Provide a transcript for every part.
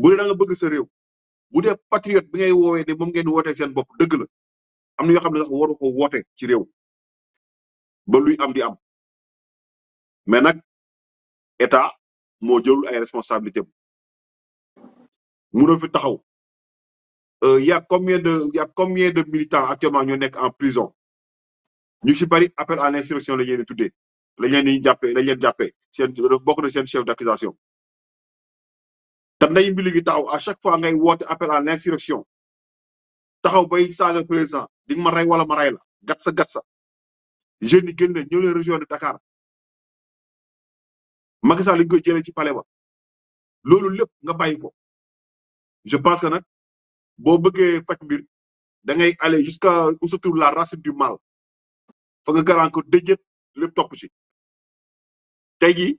bude da nga bëgg sa réew bude patriote bi ngay woowee ne moom ngeen wootee seen bopp dëgg la am na yoo xam ne sax waru ko woote ci réew ba luy am di am mais nag état moo jëlul ay responsabilité mënoo fi taxaw eh, y a combien ya de y a combien ya de militants actuellement ñu nekk en prison ñu ci bari appel à l'insurrection la ñu leen tuddee la ñu leen di jàppee la ñu leen jàppee seen bokk na seen chef d'accusation te mbili gi taw à chaque fois ngay woote appel à l'insurrection taxaw bay saaga président di ma ray wala ma ray la gat sa gat sa jeunes yi génn ñëw région de Dakar Macky Sall li ñu ci palais ba lolu lepp nga bayiko je pense que nak bo bëggee fac mbir da ngay aller jusqu'à où se trouve la racine du mal fa nga garaan ko dëjët lépp topp ci tay jii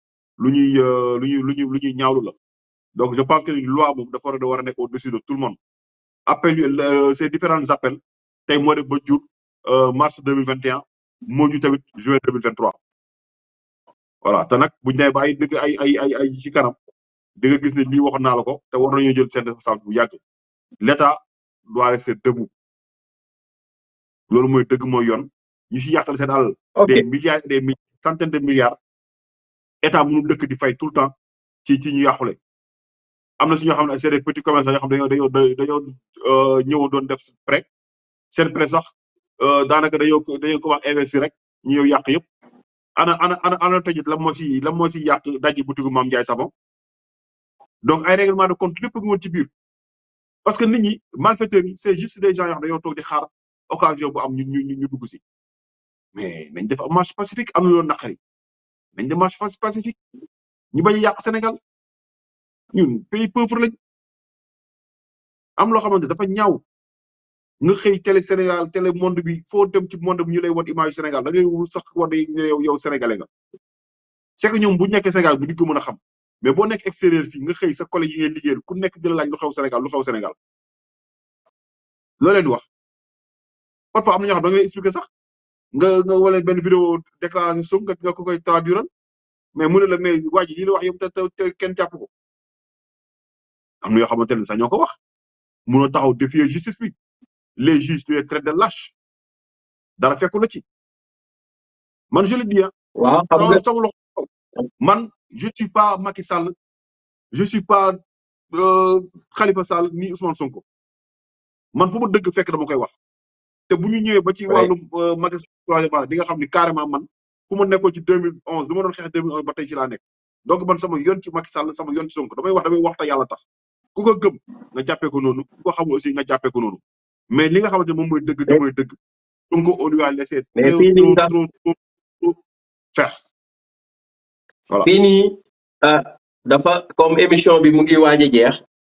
Euh, lu ñuy lu ñuy la donc je pense que loi boobu dafa war a war a nekk au-dessus de tout le monde appel euh, ces différents appels tey moo def ba jur euh, mars 2021 mille vingt juin 2023 voilà te nag bu ñu nee deug ay ay ay ay ci kanam de nga gis ne lii waxoon naa la ko te war nañu jël seen responsable bu yagg l'État doit rester debout lolu moy deug moy yoon ñu ci yàqal seen dal des milliards des centaines de milliards. état mënul dëkk di fay tout le temps ci ci ñu yàqule am na si ñoo xam ne c'est des petits commerçants yoo xam ne ñow dañoo euh, doon def prêt seen prêt sax euh, daanaka dañoo dañoo ko wax investir rek ñu ñëw yàq yëpp ana ana ana ana tëjit lan moo si lan moo si yàq daji butigu Maam Ndiaye Savon donc ay règlement de compte lépp mu woon ci biir parce que nit ñi malfaiteurs yi c'est juste des gens yoo xam dañoo toog di xaar occasion bu am ñu ñu ñu dugg si mais nañ def marche pacifique am na loolu naqari nañ dem marche pacifique ñu bañ a yàq Sénégal ñun pays pauvre lañ am loo xamante dafa ñaaw nga xëy télé Sénégal télé monde bi foo dem ci monde bi ñu lay wan image Sénégal da ngay sax war ne yow yow sénégalais nga c'est que bu nekke nekkee Sénégal bu ñu ko mën a xam mais boo nekk extérieur fii nga xëy sa collègue yi ngay ku nekk di la laaj lu xew Sénégal lu xew Sénégal loo leen di wax parfois am na ñoo xam expliquer sax nga nga wala benn vidéo déclaration Sonko nga nga ko koy traduire mais mu ne la mais waa ji lii la wax yëpp te te kenn jàpp ko am na yoo xamante ne sax ñoo ko wax munoo taxaw défier justice bi les juges tu les de lâche dara fekku la ci man je le dis ah. waaw xam nga sama loxo man je suis pas Macky Sall je suis pas euh, Khalifa Sall ni Ousmane Sonko man fu ma dëgg fekk dama koy wax. te bu ñu ñëwee ba ci wàllum euh, Macky Sall troisième di nga xam ni carrément man fu ma nekkoon ci 2011 lu ma doon xeex 2011 ba tey ci laa nekk donc man sama yoon ci Macky Sall sama yoon ci Sonko damay wax damay wax te yàlla tax ku ko gëm nga jàppee noonu ku xam aussi nga jàppee ko noonu li nga xam te moom mooy dëgg li mooy dëgg Sonko on lui a laissé trop trop trop faire voilà fii nii ah, dafa comme émission bi mu ngi waaj a jeex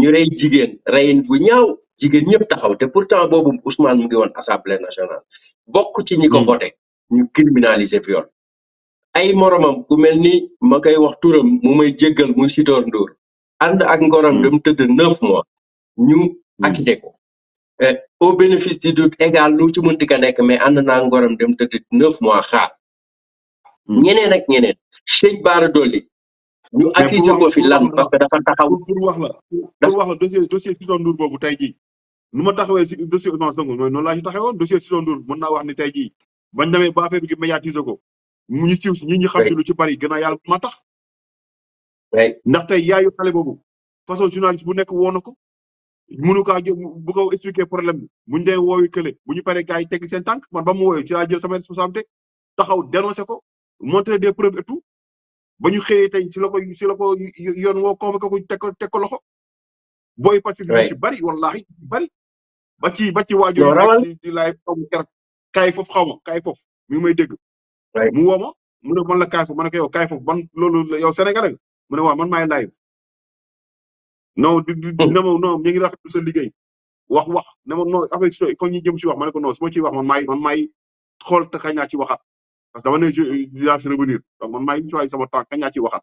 ñu rey jigéen reyin bu ñaaw jigéen ñëpp taxaw te pourtant boobu Ousmane mu ngi woon assemblée nationale bokk ci ñi ko hmm. voté ñu criminaliser viol ay moromam ku mel ni ma koy wax turam mu may jéggal muy Sitor Ndour ànd ak ngoram dem hmm. tëdd neuf mois ñu hmm. acquitté ko eh, au bénéfice du doute égal lu ci mënti ka nekk mais ànd naa ngoram dem tëdd neuf mois xaar ñeneen ak ñeneen sëñ Baara Dolli ñu accusé ko dossier dossier Sitor Ndour tey jii nu ma taxawee si dossier Ousmane Sonko mooy noonu laa si taxawoon dossier Sitor Ndour mën wax ni tey jii bañ demee ba affaire bi médiatiser mu ñu siiw si ñi xam ci ci bari gën a yàlla ma tax. ndax tey yaayu xale boobu façon journaliste bu nekk woo na ko mënu kaa bu ko expliquer problème bi bu ñu demee woowu kële bu ñu paree gars yi teg seen man ba mu wooyee ci laa jël sama responsabilité taxaw dénoncé ko montrer des preuves et ba ñu xëyee tey si la ko si la ko yoon woo convoqué ko teg ko teg ko loxo. booy pacifique ci bari wallahi bari. ba ci ba ci waajur yi di laay xaw ma keroog kaay foofu xaw ma kaay foofu mi ngi may dégg. mu woo ma mu ne man la kaay foofu ma ne ko yow kaay foofu ban loolu la yow Sénégalais nga mu ne waaw man maay live. no, no, no, ne ma non ñu ngi rafetlu sa liggéey. wax wax ne ma non affaire il faut ñu jëm ci wax ma ne ko non su ma ciy wax man maay man maay xool te xëy ci waxaat. parce que dama ne je revenir donc man may ngi sama temps kañ ci waxat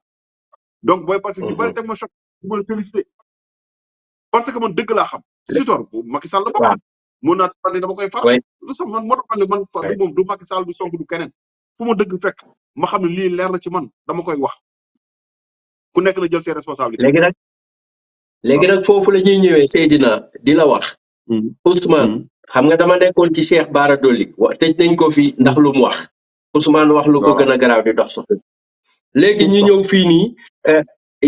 donc boy parce que du bari tek ma choc du ma la félicité parce que man deug la xam tor bu Macky Sall bokk mo na taxaw dama koy far lu sax man mo tax ne man fa mom du Macky Sall du sonku du kenen fu ma dëgg fekk ma xam li lii leer na ci man dama koy wax ku nek la jël ses responsabilités légui nak légui nak fofu la ñuy ñëwé Seydina di la wax hmm. Ousmane hmm. xam nga dama nekkon ci Cheikh Bara tej nañ ko fi ndax lu mu wax Ousmane wax lu ko gën a garaaw di dox sax. léegi ñu ñëw fii nii eh,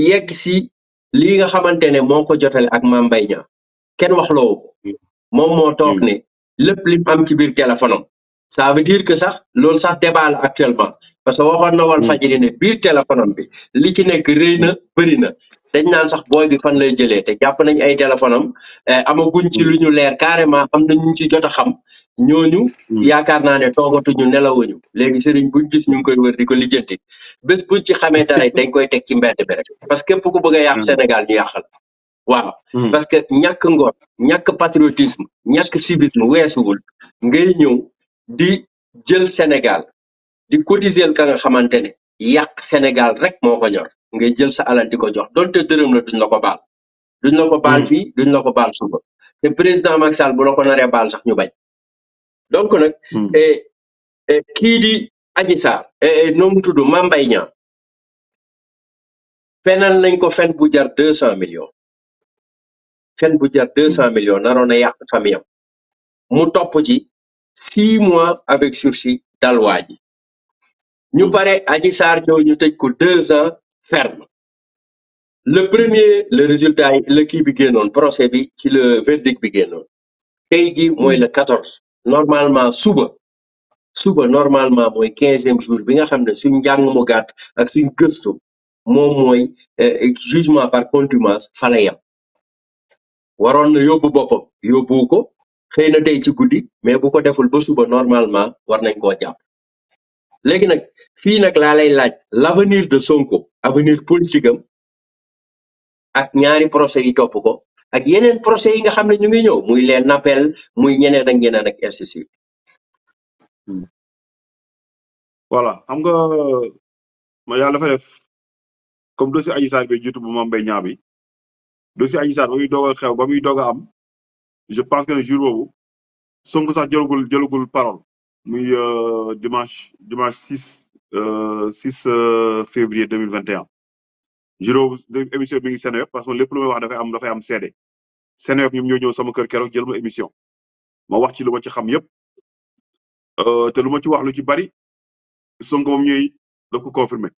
yegg si lii nga xamante ne moo ko jotale ak Mame Mbaye Niang kenn wax loo moom moo toog hmm. ne lépp li am ci biir téléphone am ça veut que sax loolu sax débat actuellement parce que waxoon na wal hmm. fajiri ne biir téléphone bi li ci nekk rëy na bëri na dañ naan sax booy bi fan lay jëlee te jàpp nañ ay téléphone am eh, amaguñ ci hmm. lu ñu leer carrément am na ñu ci jot a xam ñooñu hmm. yaakaar naa ne toogatuñu nelawuñu léegi sëriñ buñ gis ñu ngi koy wër di ko lijjanti bés buñ ci xamee dara dañ koy teg ci mbedd bi rek parce que képp ku bëgg a yàq hmm. Sénégal ñu yàq la waaw hmm. parce que ñàkk ngoon ñàkk patriotisme ñàkk civisme weesuwul ngay ñëw di jël Sénégal di cotiser ka nga xamante ne yàq Sénégal rek moo ko ñor ngay jël sa alal di ko jox donte dërëm la duñ la ko baal duñ la ko baal fii duñ la ko baal suba te président Macky Sall bu la ko naree baal sax ñu bañ Donc, qui hmm. eh, eh, dit Adisa, et, eh, nous qui dit Adissa, et, et nom tout de Mambaïna, Fennan Lenko Fenn Boudjar 200 millions. Fenn Boudjar 200 millions, Naronaya Famille. Moutopoji, 6 mois avec sursis d'Alouadi. Nous hmm. paraît Adissa Arjo, a t'écoutons 2 ans ferme. Le premier, le résultat, le qui begin on, procès, c'est le verdict begin on. Kaydi, moi, hmm. le 14. normalement suba suba normalement mooy quinzième jour bi nga xam ne suñ njàng mo gàtt ak suñ gëstu moom mooy eh, jugement par contumace fa la yem waroon na yóbbu boppam yóbbu ko xëy na tey ci guddi mais bu ko deful ba suba normalement war nañ koo jàpp léegi nag fii nag laa lay laaj l'avenir de Sonko avenir politique am ak ñaari procès yi topp ko ak yeneen procès yi nga xam ñu ngi ñëw muy les nappel muy ñeneen ak ñeneen ak rcc hmm. voilà am nga ma yalla fa def comme dossier aji sar bi jitu bu Mame Mbaye ñaabi dossier aji sar muy dogal xew ba muy doog am je pense que le jour bobu Sonko sax jëlugul jëlugul parole muy euh, dimanche dimanche 6 6 euh, euh, février 2021 juróom émission bi ngi Seneweb parce que lépp lu may wax dafay am dafay am seede Seneweb ñoom ñoo ñëw sama kër keroog jël ma émission ma wax ci lu ma ci xam yëpp euh, te lu ma ci wax lu ci bari Sonko moom ñooy da ko confirmer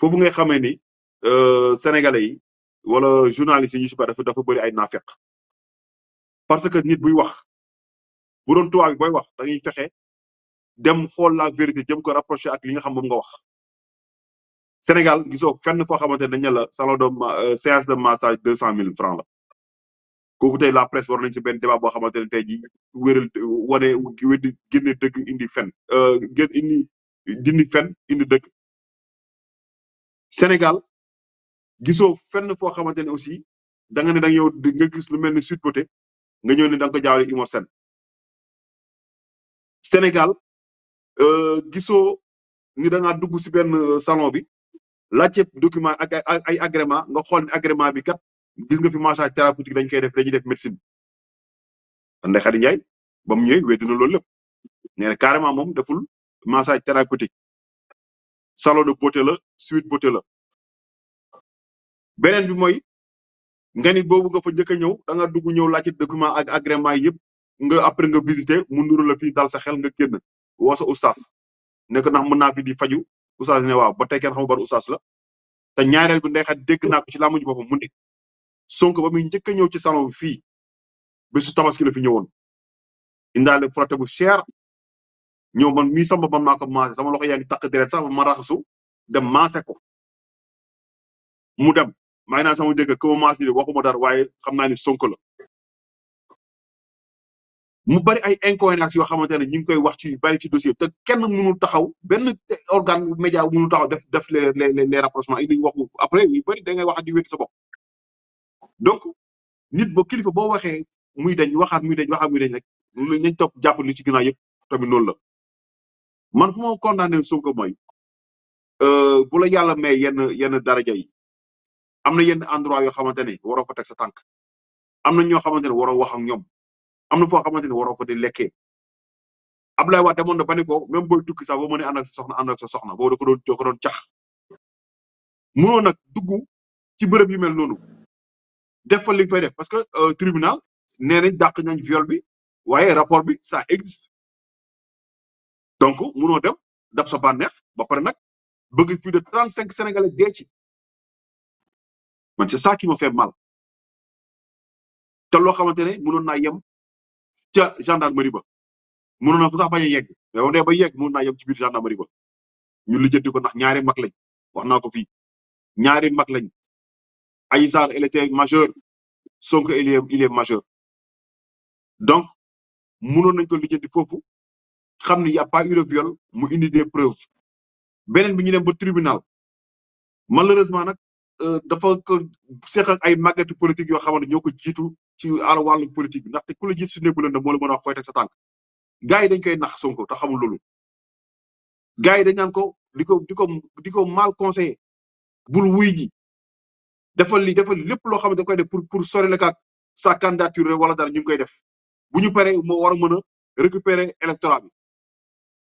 foofu ngay xamee ni euh, sénégalais yi wala journalistes yi ñu dafa dafa bëri ay naafeq parce que nit buy wax bu doon tubaab bi booy wax da ngay fexe dem xool la vérité jëm ko rapprocher ak li nga xam moom nga wax Sénégal gisoo fenn foo xamante dañ la salon de euh, séance de massage deux cent mille francs la kooku tey la presse war nañ ci benn débat boo xamante ne tey jii wéral wane weddi génne dëgg indi fen euh, gén indi dindi fen indi dëkk Sénégal gisoo fenn foo xamante ne aussi da nga ne da nga yow nga gis lu mel ni Sweet Beauté nga ñëw ne da nga ko jaawale sen Sénégal euh, gisoo ni da nga dugg si benn salon bi laajte document ak ay agrément nga xol ne agrément bi kat gis nga fi massage thérapeutique dañ koy def dañuy def médecine ande Khady ñay bam mu wéddu na loolu lépp nee carrément mom deful massage thérapeutique salon de beauté la suite beauté la benen bi moy nga ni boobu nga fa njëkk a ñëw da nga dugg ñëw laajte document ak agrément yépp nga après nga visiter mu nuru la fi dal sa xel nga kenn wo sa oustaz ne ko ndax mën fi di faju oustaz ne waaw ba tey kenn xamu ban la te ñaareel bi ndey xat dégg naa ko ci làmmiñu boppam mu ne Sonko ba muy njëkk a ñëw ci salon bi bis bésu tabaski la fi ñëwoon indaale frotté bu cher ñëw man mii sama man maa ko sama loxo yaa ngi takk deret sax ba ma raxasu dem maase ko mu dem maa ngi naan sama dégg ko ma maase waxuma dara waaye xam naa ni Sonko la mu bari ay incohérences yoo xamante ne ñu ngi koy wax ci bari ci dossier te kenn mënul taxaw benn organe média mënul taxaw def def le les les rapprochements yi ñuy wax après yu bari da ngay wax di wékk sa bopp. donc nit ba kilifa boo waxee muy dañ waxaat muy dañ waxaat muy dañ rek nañ topp jàpp li ci ginnaaw yëpp tamit noonu la man fu ma condamné Sonko mooy euh, bula la yàlla may yenn yenn daraja yi am na yenn endroit yoo xamante ne waroo fa teg sa tànk am na ñoo xamante ne waroo wax ak ñoom. amna fo xamanteni waro fa di lekke ablay wa demoon na paniko même boy tukki sa bo mënee and ak soxna and ak soxna bo do ko don joko don tax cax nak duggu ci bërëb yu mel nonu def fa li fay def parce que euh, tribunal nenañ dakk dàq nañ viol bi waye rapport bi ça existe donc mënoo dem dab sa banex ba pare nak bëgg plus de 35 sénégalais dé ci man c'est ça qui me fait mal té lo xamanteni ne na naa ca gendarmerie ba mënu na ko sax bañ yegg yow ne ba yegg mën na yem ci biir gendarmerie ba ñu lijjanti ko ndax ñaari mak lañ wax na ko fi ñaari mak lañ Aji Sarr elle était majeur Sonko il est il est majeur donc mënoon nañ ko li jëddi fofu xamni y a pas eu le viol mu indi des preuves benen bi ñu dem ba tribunal malheureusement nak Euh, dafa ko seq ay màggatu politique yoo xamante ñoo ko jiitu ci àll wàllu politique ndaxte ku la jiitu si néegu lëndëm moo la mën a wax fooy teg sa tànk dañ koy nax Sonko te xamul loolu gars yi dañ naan ko di ko di ko di ko mal conseillé bul wuy ji defal li defal lépp loo xam ne da koy def pour pour sori la ak sa candidature wala dara ñu ngi koy def bu ñu paree moo war a mën a récupérer électorat bi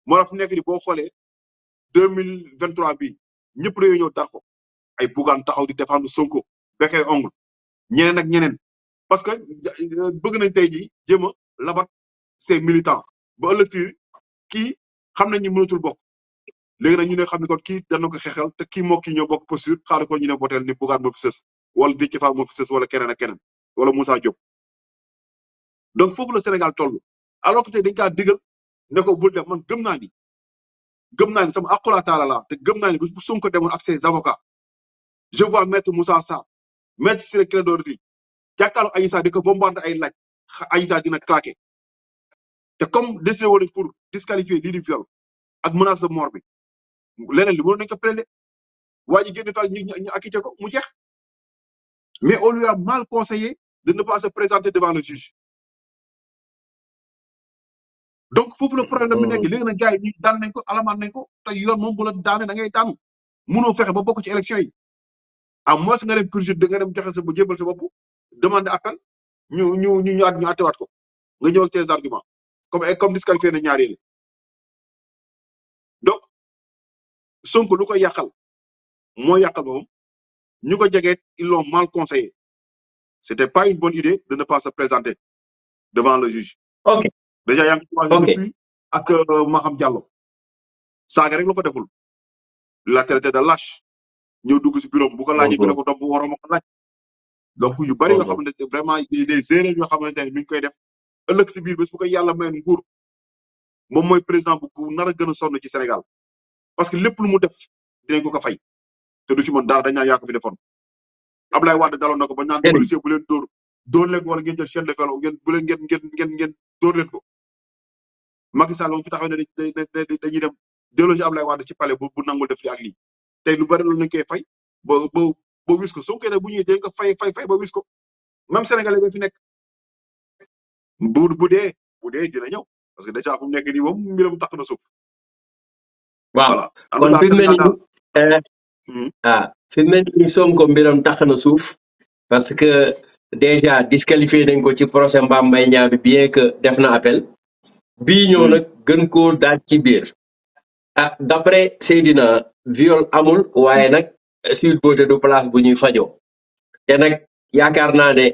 moo tax nekk ni boo xoolee deux mille vingt trois bii ñëpp dañoo ñëw dar ay bougan taxaw di défendre Sonko bekkee ongle ñeneen ak ñeneen parce que euh, bëgg nañ tay ji jëma a labat ces militants ba ëllëg si kii xam nañ ñu mënatul bok légui nag ñu né xamni kon ki dañ ko xeexal te ki mokki ñoo bok posture xaar ko ñu né votel ni bougan mo fi seuss wala di ci fa mo fi seuss wala keneen ak keneen wala Moussa Diop donc fofu le Sénégal tollu alors que dañ ka digal né ko bul def man gëm na ni gëm na ni sama taala la te gëm na ni bu Sonko demoon ak ses avocats je vois Maître Moussa Maître sur le Aïssa que ay Aïssa dina claqué comme décidé pour disqualifier di viol menace de mort bi leneen li ko Vous dit mais on lui a mal conseillé de ne pas se présenter devant le juge donc vous le problème oh. gars nañ ko alaman nañ ko tay yoon mom bu la da ngay mëno fexé ba bokku ci élection à nga dem poursuite de nga dem joxe sa sa bopp demande appel ñu ñu ñu at ñu wat ko nga ñëw ak tes arguments comme comme disqualifier na yi donc Sonko lu ko yakal mo yakal Nous, ñu ko ils l'ont mal conseillé c'était pas une bonne idée de ne pas se présenter devant le juge. ok déjà ak euh, Diallo rek ko deful la traité de lâche. ñëw dugg ci bureau bu ko laaj bi nako ko doom mako laaj donc yu bari nga xamante vraiment des erreurs yo xamante mi ngi koy def ëllëg ci biir bés bu ko yalla may nguur mom moy président bu bu nar a sonn ci Sénégal parce que lepp lu mu def dinañ ko ko fay te du ci mën dara dañ na yaa fi defon ablay wad dalon nako ba ñaan policier bu len door door leen wala ngeen jël chef de vélo ngeen bu len ngeen ngeen ngeen ngeen door leen ko Macky Sall fi taxaw ne dañuy dem délogé ablay wad ci palais bu nangul def li ak li tey lu bari loolu nañu koy fay ba ba ba wis ko Sonko nag bu ñuy dañ fay fay fay ba wis ko même sénégalais fi nekk bu bu dee bu dee ñëw parce que déjà fu mu nekk nii moom mbiram tax na suuf. voilà kon fi mu ne eh, hmm. ah, Sonko mbiram tax na suuf parce que déjà disqualifié nañ ko ci procès Mame Mbaye Niang bi que def na appel bii ñëw hmm. nag gën koo ci biir. ah d'après Seydina viol amul waaye nag Sweet Beauté du place bu ñuy fajoo te nag yaakaar